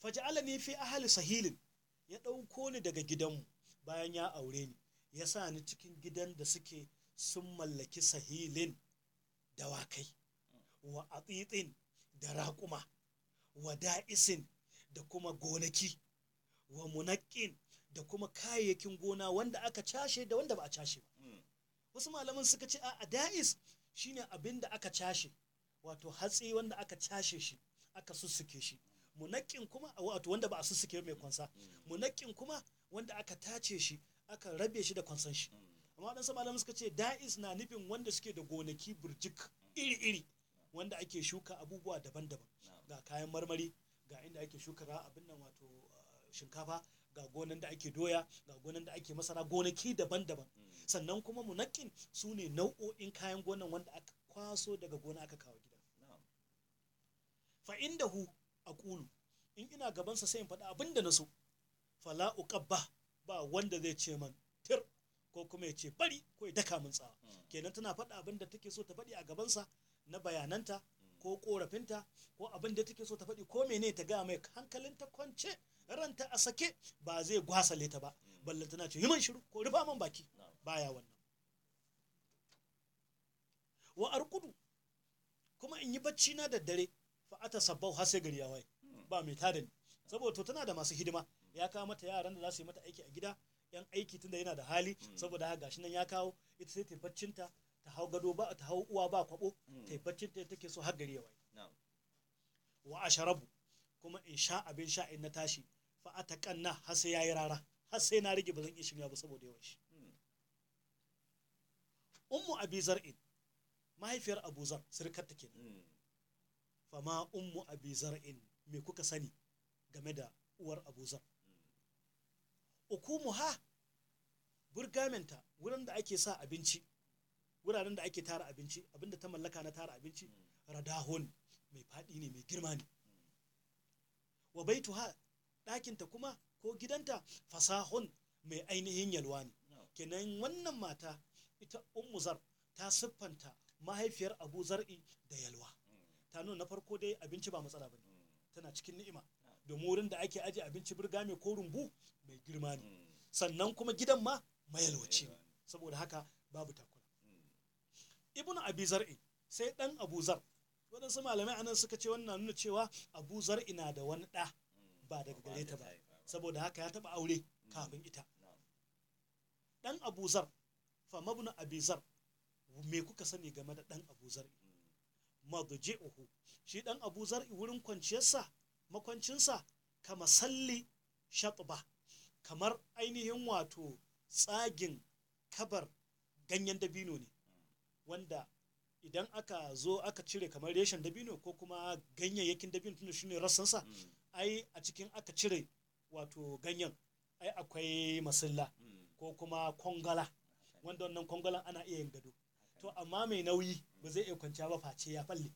faj'alani fi ahali sahilin ya ɗauko ni daga gidanmu bayan ya aure ni ya sa ni cikin gidan da suke sun mallaki sahilin dawakai wa atsitsin da raƙuma wa da'isin da kuma gonaki wa munaƙin da kuma kayayyakin gona wanda aka cashe da wanda ba a cashe ba hmm. wasu malaman suka ce a da'is shine abin da aka cashe wato hatsi wanda aka cashe shi aka sussuke shi Munakin kuma wato wanda ba a sussuke mai kwansa munakin kuma wanda aka tace shi aka rabe shi da kwansan shi amma wadansu malamai suka ce da'is na nufin wanda suke da gonaki burjik iri-iri wanda ake shuka abubuwa daban-daban ga kayan marmari ga inda ake shuka abin nan wato ah, shinkafa ga gonan da ake doya ga gonan da ake masara gonaki daban-daban sannan kuma munakin su ne nau'o'in kayan gonan wanda aka kwaso daga gona aka kawo gida da hu aqulu in ina gabansa sai in faɗi abin da na so fala uqabba ba wanda zai ce man tir ko kuma ya ce bari ko ya daka min tsawa kenan tana faɗa abin da take so ta faɗi a gabansa na bayananta ko korafinta ko abin da take so ta faɗi ko mene ta gaya mai hankalin ta kwance ranta a sake ba zai gwasale leta ba ballan tana ce himan shiru ko rufa man baki baya wannan wa arkudu kuma in yi bacci na da dare fa ata sabbau har sai gari ya waye ba mai tada ni saboda to tana da masu hidima ya kawo mata yaran da za su yi mata aiki a gida yan aiki tunda yana da hali saboda haka gashi nan ya kawo ita sai taibaccinta ta ta hau gado ba ta hau uwa ba kwabo ta take so har gari ya waye wa asharabu kuma in sha abin sha in na tashi fa ata kanna har sai yayi rara har sai na rage ba zan iya shiga ba saboda yawan shi hmm. ummu abi zar'in mahaifiyar abuzar sirkar ta kenan hmm. fama ummu abi zar'in me kuka sani game da uwar abu zar ha burgamenta wurin da ake sa abinci wuraren da ake tara abinci abinda ta mallaka na tara abinci radahun mai faɗi ne mai girma ne wa ha ɗakinta kuma ko gidanta fasahun mai ainihin yalwa ne kenan wannan mata ita zar ta siffanta mahaifiyar abu zar'i da yalwa tano na farko dai abinci ba matsala ba tana cikin ni'ima domin wurin da ake aje abinci birga mai ko rumbu mai girma ne sannan kuma gidan ma mayalwace ne saboda haka babu takura ibnu abi zar'i sai dan abuzar zar waɗansu malamai anan suka ce wannan nuna cewa abu ina da wani ɗa ba daga gare ta ba saboda haka ya taɓa aure kafin ita dan abuzar zar fa mabnu abi me kuka sani game da dan abu zar'i madji'uhu shi dan abu zar'i wurin kwanciyarsa makwancinsa kama salli shatba kamar ainihin wato tsagin kabar ganyen dabino ne wanda idan aka zo aka cire kamar reshen dabino ko kuma ganyayyakin dabino tunda shine rassansa hmm. ai a cikin aka cire wato ganyen ai akwai masalla. Hmm. ko kuma kongala wanda wannan kongalan ana iya yin gado to amma mai nauyi ba zai iya kwanciya ba face ya falle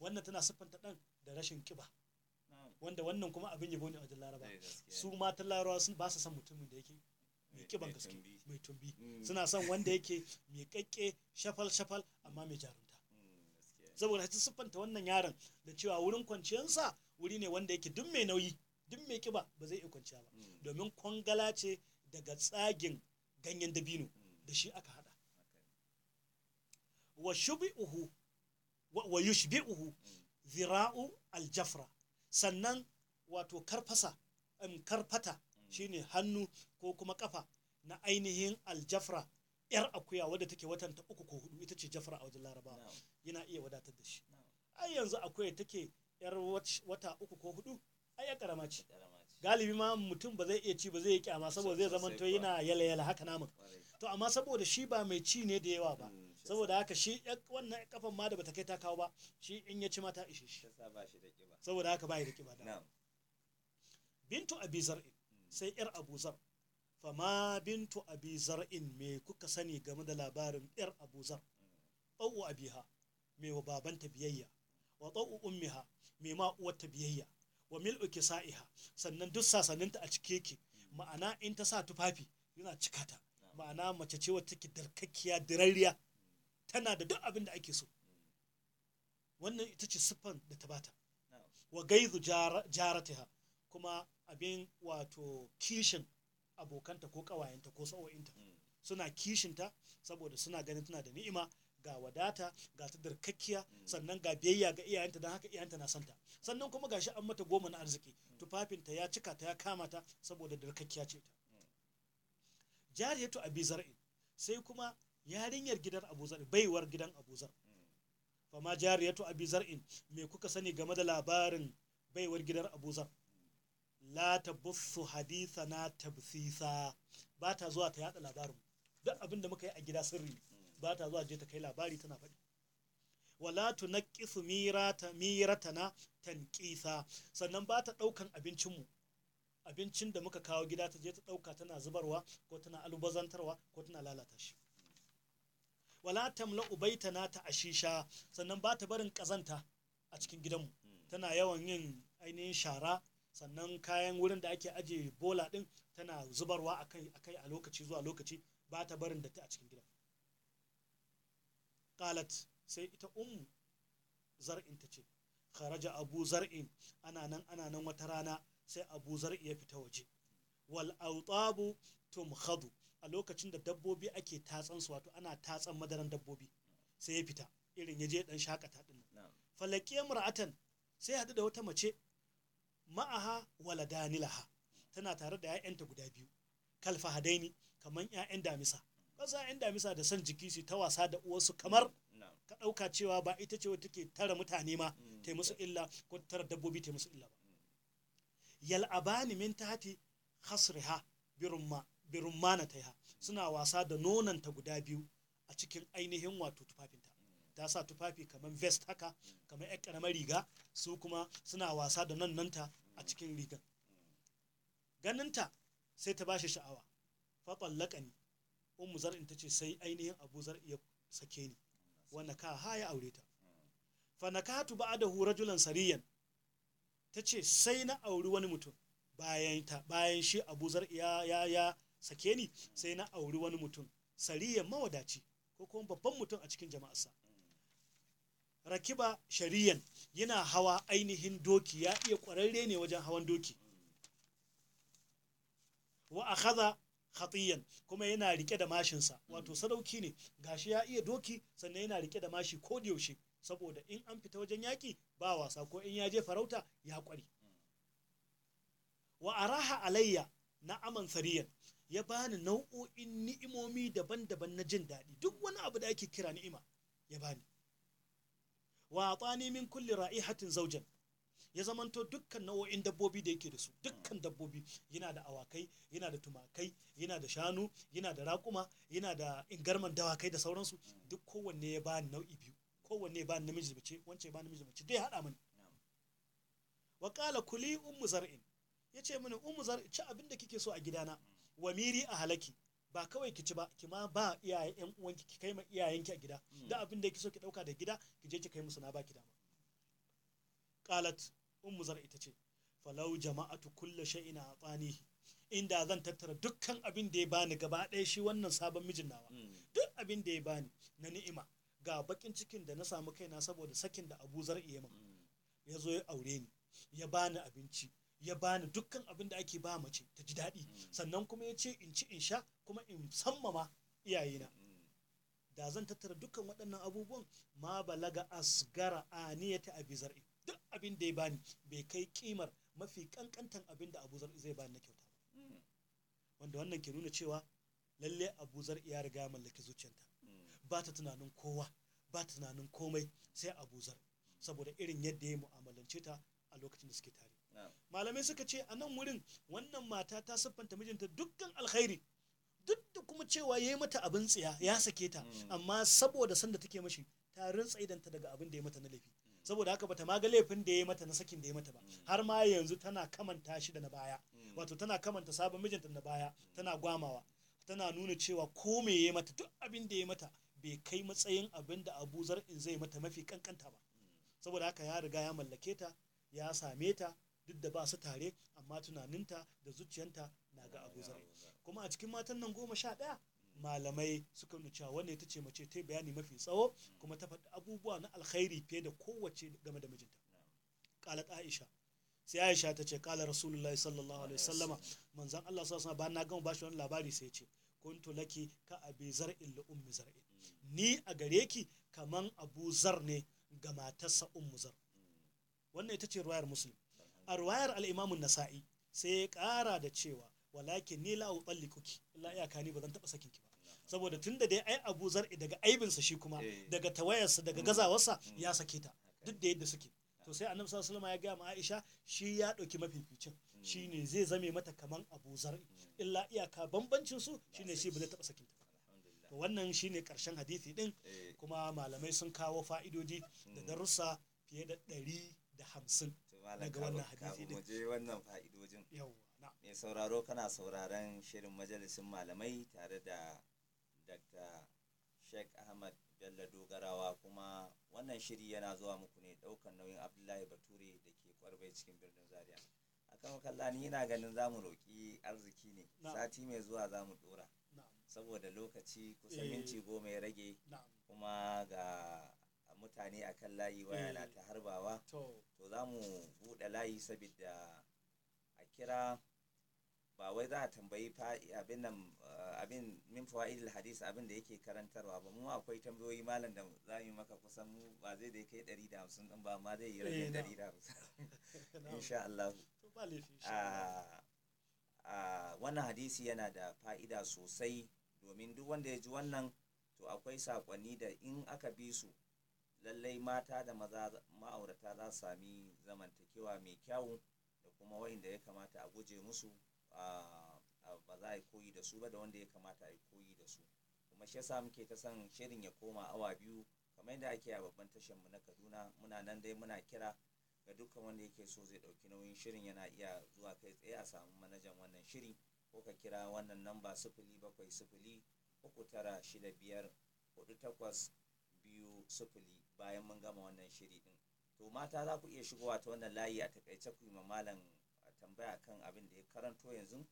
wannan tana siffanta dan da rashin kiba wanda wannan kuma abin yabo ne a wajen laraba eh, su ta larabawa sun ba su san mutumin da yake mai kiban gaske mai tumbi mm. suna son wanda yake mai kakke shafal shafal amma mai jarumta mm, saboda ta siffanta wannan yaron da cewa wurin kwanciyarsa wuri ne wanda yake duk mai nauyi duk mai kiba ba zai iya kwanciya ba mm. domin kwangala ce daga tsagin ganyen dabino da shi aka haɗa wa wa yushbi'uhu zira'u aljafra sannan wato karfasa um, karfata shine hannu ko kuma kafa na ainihin aljafra yar akuya wadda take watanta uku ko hudu ita ce jafra a wajen larabawa yana iya wadatar da shi ai yanzu akuya take yar wata uku ko hudu ai ya karama ce galibi ma mutum ba zai iya ci ba zai yi kyama saboda zai zama to yana yala yala haka naman to amma saboda shi ba mai ci ne da yawa ba mm. saboda haka shi wannan kafan ma da bata kai ta kawo ba shi in ya ci mata ishe shi saboda haka bai da kiba da bintu abi zar'in sai yar abu zar ma bintu abi zar'in me kuka sani game da labarin yar abu zar ɗau abiha me wa babanta biyayya wa ɗau ummiha me ma uwarta biyayya wa mil'u kisa'iha sannan duk ta a cike ki ma'ana in ta sa tufafi yana cikata ma'ana mace ce wacce take darkakkiya dirarriya tana da duk abin da ake so wannan ita ce siffan da ta bata wa gaizu jaratiha kuma abin wato kishin abokanta ko ƙawayenta ko sa'o'inta mm. suna kishinta saboda suna ganin tana da ni'ima ga wadata ga ta darkakkiya mm. sannan ga biyayya ga iyayenta don haka iyayenta na santa sannan kuma gashi an mata goma na arziki mm. tufafinta ya cika ta ya kama ta saboda darkakkiya ce ta jariyatu abi zar'in sai kuma yarinyar gidan abuzar baiwar gidan abuzar fama jariyatu abi in me kuka sani game da labarin baiwar gidan abuzar la tabussu hadithana tabsisa ba ta zuwa ta yada labarin duk abin da muka yi a gida sirri ba ta zuwa je ta kai labari tana faɗi wala tunqisu mirata miratana tanqisa sannan ba ta daukan abincin mu abincin da muka kawo gida ta je ta dauka tana zubarwa ko tana albazantarwa ko tana lalata shi wala tamla na ta ashisha sannan ba ta barin kazanta a cikin gidanmu hmm. tana yawan yin ainihin shara sannan kayan wurin da ake aje bola din tana zubarwa akai akai a lokaci zuwa lokaci ba ta barin datti a cikin gidan qalat sai ita ummu zar'in ta ce kharaja abu zar'in ana nan ana nan wata rana sai abu zar'i ya fita waje wal autabu tumkhadu a lokacin da dabbobi ake tatsan su wato ana tatsan madaran dabbobi sai ya fita irin ya je dan shakata din nan falaqiya mar'atan sai hadu da wata mace ma'aha waladanilaha tana tare da 'ya'yanta guda biyu kalfa hadaini kamar 'ya'yan damisa kasa 'ya'yan damisa da son jiki su ta wasa da uwarsu kamar ka ɗauka cewa ba ita ce wata ke tara mutane ma mm, ta musu illa ko tara dabbobi ta musu illa ba mm. yal'abani min tahti khasriha birumma bi rummana ta suna wasa da nonanta guda biyu a cikin ainihin wato tufafinta ta sa tufafi kamar vest haka kamar yan karamar riga su kuma suna wasa da nan nanta a cikin rigan ganinta sai ta bashi sha'awa faɓan ni ummu zar'in ta ce sai ainihin abu zar ya sake ni wanda ka ha ya aure ta fa da ba'dahu rajulan sariyan ta ce sai na auri wani mutum bayan shi abu zar ya sake ni sai na auri wani mutum sariyan mawadaci ko kuma babban mutum a cikin jama'arsa rakiba shariyan yana hawa ainihin doki ya iya ƙwararre ne wajen hawan doki wa akhadha hatsiyan kuma yana rike da mashinsa wato sadauki ne ga shi ya iya doki sannan yana rike da mashi ko da yaushe saboda in an fita wajen yaƙi ba wasa ko in ya je farauta ya ƙware wa raha alayya na aman sariyan ya bani nau'o'in ni'imomi daban-daban na jin daɗi duk wani abu da ake kira ni'ima ya bani wa atani min kulli ra'ihatin zaujan ya zamanto dukkan nau'o'in dabbobi da yake da su dukkan dabbobi yana da awakai yana da tumakai yana da shanu yana da raƙuma yana da ingarman dawakai da sauransu duk kowanne ya bani nau'i biyu kowanne ya bani namiji mace wance bani namiji mace dai haɗa mani wa qala kuli ummu zar'in yace mini ummu zar'in ci abin da kike so a gidana wa miri a halaki ba kawai ki ci ba ki ma ba iyayen yan uwanki ki kai ma iyayenki a gida hmm. da abin da yake so ki dauka da gida ki je ki kai musu na baki dama qalat ummu zar ita ce falau jama'atu kullu shay'in atanihi inda zan tattara dukkan abin da ya bani gaba ɗaya shi wannan sabon mijin nawa hmm. duk abin da ya bani na ni'ima ga bakin cikin da na samu kaina saboda sakin da Abu zar'i hmm. ya zo ya aure ni ya bani abinci ya bani dukkan abin da ake ba mace ta ji daɗi mm. sannan kuma ya ce in ci in sha kuma in sammama iyayena mm. da zan tattara dukkan waɗannan abubuwan ma balaga asgara aniyata abi zar'i duk abin da ya bani bai kai kimar mafi kankantan abin da abu zai bani na kyauta ba mm. wanda wannan ke nuna cewa lalle abu zar'i ya riga mallaki zuciyarta ba ta tunanin kowa ba ta tunanin komai sai abu saboda irin yadda ya mu'amalance ta a lokacin da suke tare malamai suka ce a nan wurin wannan mata ta siffanta mijinta dukkan alkhairi duk da kuma cewa ya yi mata abin tsiya ya sake ta mm. amma saboda sanda take mashi ta rintsa idanta daga abin da ya mata na laifi saboda haka bata ma ga laifin da ya mata na sakin da ya mata ba mm. har ma yanzu tana kamanta shi da na baya mm. wato tana kamanta sabon mijinta na baya tana gwamawa tana nuna cewa ko me ya mata duk abin da ya mata bai kai matsayin abin da abuzar in zai mata mafi kankanta ba saboda haka ya riga ya mallake ta ya same ta duk da ba su tare amma tunaninta da zuciyanta na ga abu kuma a cikin matan nan goma sha ɗaya malamai suka nuna wanne ta ce mace ta bayani mafi tsawo kuma ta faɗi abubuwa na alkhairi fiye da kowace game da mijinta qalat aisha sai aisha ta ce qala rasulullahi sallallahu alaihi wasallama manzon Allah sallallahu alaihi wasallam bayan na gama bashi wani labari sai ce kuntu laki ka abi zar'in li ummi zar'in ni a gare ki kaman abu zar ne ga matarsa ummu zar wannan ita ce ruwayar muslim a ruwayar al'imamun nasa'i sai ya ƙara da cewa walakin ni tsalli kuki illa iyaka ni ba zan taɓa saki ki ba saboda tunda dai ai Abu Zar'i daga aibinsa shi kuma eh. daga tawayarsa daga hmm. gazawarsa hmm. ya sake ta duk da yadda suke to sai annabi sallallahu alaihi ya ga ma Aisha shi ya ɗauki mafificin hmm. shine zai zame mata kaman Abu Zar'i illa iyaka bambancin su shine shi ba zai taba sakinta ta to wannan shine karshen hadisi din eh. kuma malamai sun kawo fa'idodi da darussa fiye da ɗari da hamsin malaka wannan hadisi din je wannan fa'idojin mai sauraro kana sauraron shirin majalisin malamai tare da dr sheikh ahmad bello dogarawa kuma wannan shiri yana zuwa muku ne daukan nauyin abdullahi bature da ke kwarbai cikin birnin zaria akan kalla ni ina ganin za mu roƙi arziki ne sati mai zuwa za mu dora saboda lokaci kusan eh, minti goma ya rage kuma ga mutane akan layi waya na eh. ta harbawa to za mu buɗe layi saboda a kira ba wai za a tambayi abin nan eh, abin min fawaidil hadis abin da yake karantarwa ba mu akwai tambayoyi malam da za mu maka kusan mu ba zai da kai 150 din ba amma zai yi rage 150 eh, insha Allah a ah, ah, wannan hadisi yana da fa'ida sosai domin duk wanda ya ji wannan to akwai sakonni da in aka bi su lallai mata da maza ma'aurata za su sami zamantakewa mai kyawu da kuma wa'inda ya kamata a guje musu ba za a yi koyi da su ba da wanda ya kamata a yi koyi da su kuma shi yasa muke ta son shirin ya koma awa biyu kamar yadda ake a babban tashar mu na Kaduna muna nan dai muna kira ga dukkan wanda yake so zai ɗauki nauyin shirin yana iya zuwa kai tsaye a samu manajan wannan shiri ko ka kira wannan namba sifili bakwai sifili uku tara shida biyar hudu takwas biyu sifili bayan mun gama wannan shiri din to mata za ku iya shigowa ta wannan layi a takaice ku yi ma malam tambaya kan abin da ya karanto yanzu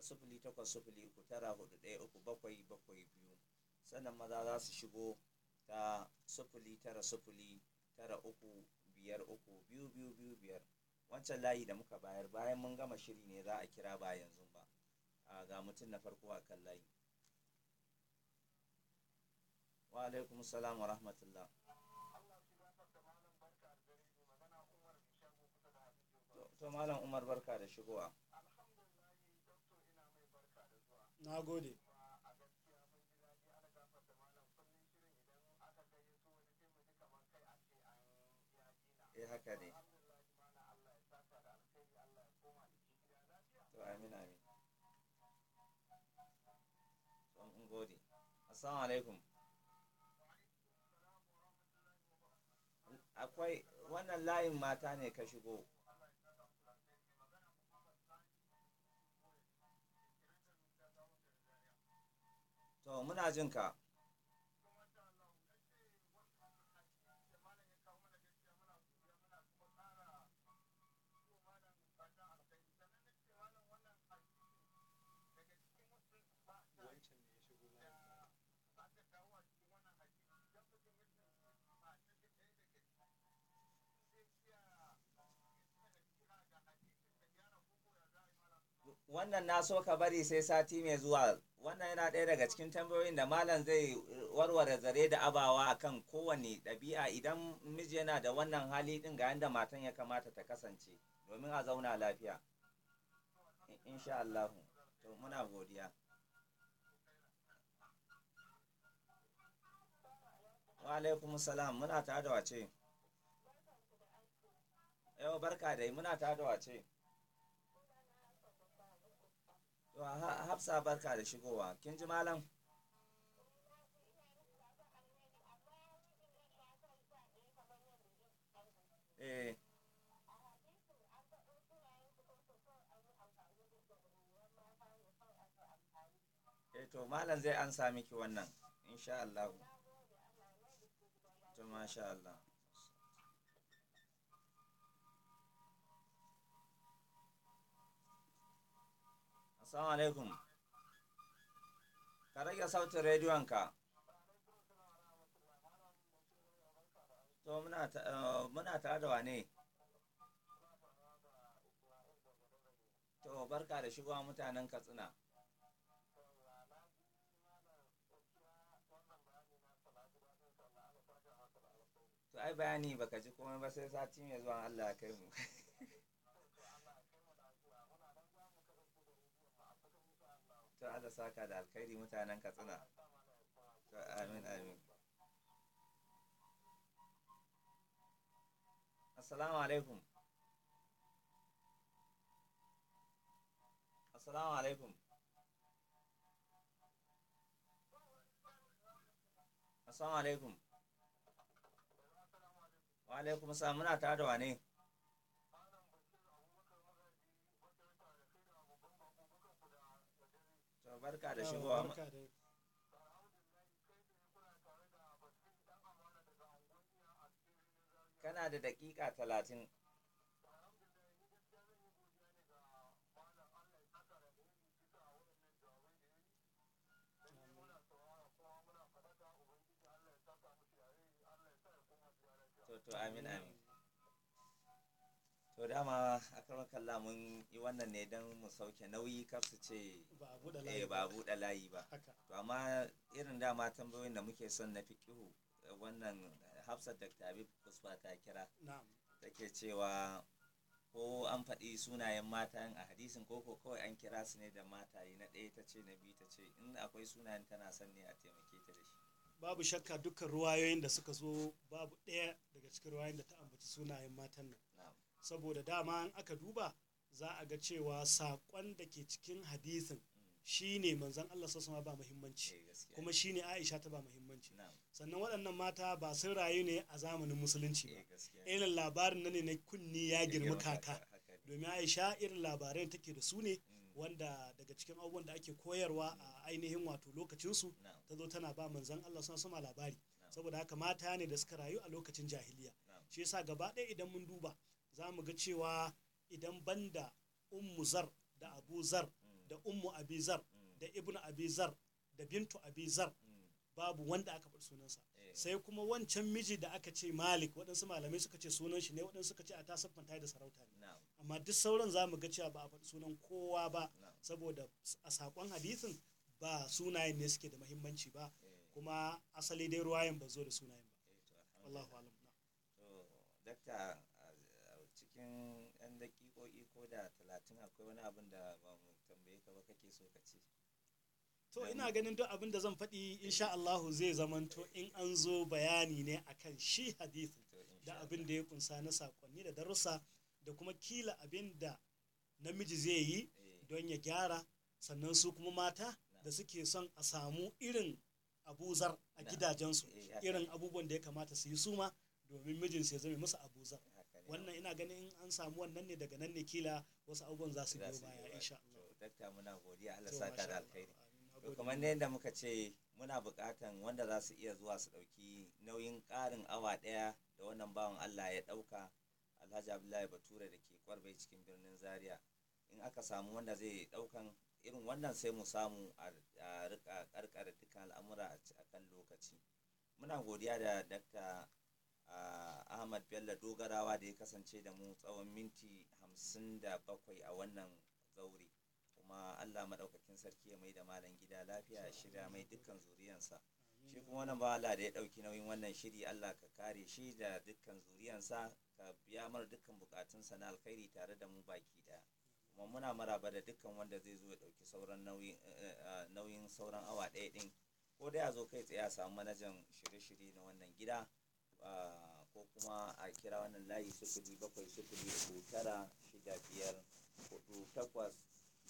sufuli takwas sufuli uku tara hudu ɗaya uku bakwai bakwai biyu sannan maza za su shigo ta sufuli tara sufuli tara uku biyar uku biyu biyu biyu biyar wancan layi da muka bayar bayan mun gama shiri ne za a kira ba yanzu ba ga mutum na farko a kan layi wa alaikum salam wa rahmatullah To Malam Umar barka da shigowa. Na gode. Eh haka ne. To amin amin. To mun gode. Assalamu alaikum. Akwai wannan layin mata ne ka shigo. To muna jin ka. Wannan na so ka bari sai sati mai zuwa wannan yana ɗaya daga cikin tambayoyin da malam zai warware zare da abawa akan kowane ɗabi'a idan miji yana da wannan hali ɗin ga yadda matan ya kamata ta kasance domin a zauna lafiya insha Allah to muna godiya wa alaikum salam muna tare da wace yau barka dai muna tare da wace To Hafsa barka da shigowa. Kin ji malam? Eh. eh to malam zai ansa miki wannan insha Allah. To masha Allah. Assalamu alaikum. Ka rage sautin rediyonka. To muna ta eh, da wane? To barka da shigowa mutanen Katsina. To ai bayani baka ji komai ba sai sati mai zuwa Allah ya kai mu. to Allah saka da alkhairi mutanen Katsina to amin amin Assalamu alaikum Assalamu alaikum Assalamu alaikum Wa alaikum assalam muna tare da wane barka da shigowa kana da daƙiƙa talatin to amin amin to dama a karon kalla mun yi wannan ne don mu sauke nauyi kar su ce ba eh, buɗe layi ba to amma irin dama tambayoyin da muke son na fi fiƙihu wannan hafsat da tabi kusba ta kira take cewa ko an faɗi sunayen mata a hadisin ko ko kawai an kira su ne da mataye na ɗaya ta ce na biyu ta ce in akwai sunayen tana son ne a taimake ta da shi babu shakka dukkan ruwayoyin da suka zo babu ɗaya daga cikin ruwayoyin da ta ambaci sunayen matan nan saboda dama in aka duba za a ga cewa saƙon da ke cikin hadisin shine manzan Allah sassa ba muhimmanci eh, kuma shi ne Aisha ta ba muhimmanci sannan waɗannan mata ba sun rayu ne a zamanin musulunci ba eh, irin labarin na ne na kunni ya girma kaka domin Aisha irin labarai take da su ne mm. wanda daga cikin abubuwan da ake koyarwa a mm. ainihin wato lokacinsu ta zo tana ba manzon Allah suna labari saboda haka mata ne da suka rayu a lokacin jahiliya shi yasa gaba ɗaya idan mun duba za mu ga cewa idan banda ummu zar da abu zar da ummu abizar da ibn abizar da bintu abizar babu wanda aka faɗi sunansa eh. sai kuma wancan miji da aka ce malik waɗansu malamai suka ce sunan shi ne waɗansu suka ce a ta siffanta da sarauta ne amma duk sauran za mu ga cewa ba a faɗi sunan kowa ba saboda a sakon hadisin ba sunayen ne suke da mahimmanci ba eh. kuma asali dai ruwayan ba zo da sunayen ba eh, Allahu alam dakta akwai wani abin da ba mu tambaye ka ba kake so ka ce to ina ganin duk abin da zan faɗi insha Allahu zai zamanto in an zo bayani ne akan shi hadisi da abin da ya kunsa na sakonni da darussa da kuma kila abin da namiji zai yi eh. don ya gyara sannan su kuma mata da suke son a samu irin abuzar a gidajensu eh, irin abubuwan da ya kamata su yi suma domin mijinsu ya zama musu abuzar wannan ina ganin an samu wannan ne daga nan ne kila wasu abubuwan za su biyo baya insha Allah dakta muna godiya Allah saka da alkhairi to kamar yadda muka ce muna buƙatan wanda za su iya zuwa su ɗauki nauyin ƙarin awa ɗaya da wannan bawan Allah ya ɗauka Alhaji Abdullahi Bature da ke kwarbai cikin birnin Zaria in aka samu wanda zai ɗaukan irin wannan sai mu samu a rika karkara dukkan al'amura a kan lokaci muna godiya da dakta ahmad bello dogarawa da ya kasance da mu tsawon minti hamsin da bakwai a wannan zaure kuma allah maɗaukakin sarki ya mai da malam gida lafiya ya shirya mai dukkan zuriyansa shi kuma wannan ba Allah da ya ɗauki nauyin wannan shiri Allah ka kare shi da dukkan zuriyansa ka biya mar dukkan bukatunsa na alkhairi tare da mu baki ɗaya kuma muna maraba da dukkan wanda zai zo ya ɗauki sauran eh, eh, nauyin sauran awa ɗaya ɗin ko dai a zo kai tsaye a samu manajan shirye-shirye na wannan gida ko kuma a kira wannan layi sufuri bakwai sufuri uku tara shida biyar hudu takwas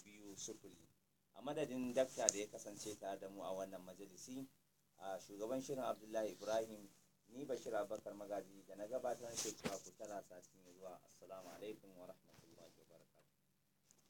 biyu sufuri a madadin dakta da ya kasance tare da mu a wannan majalisi a shugaban shirin abdullahi ibrahim ni bashir abubakar magaji da na gabatar shekara ku tara sati zuwa assalamu alaikum wa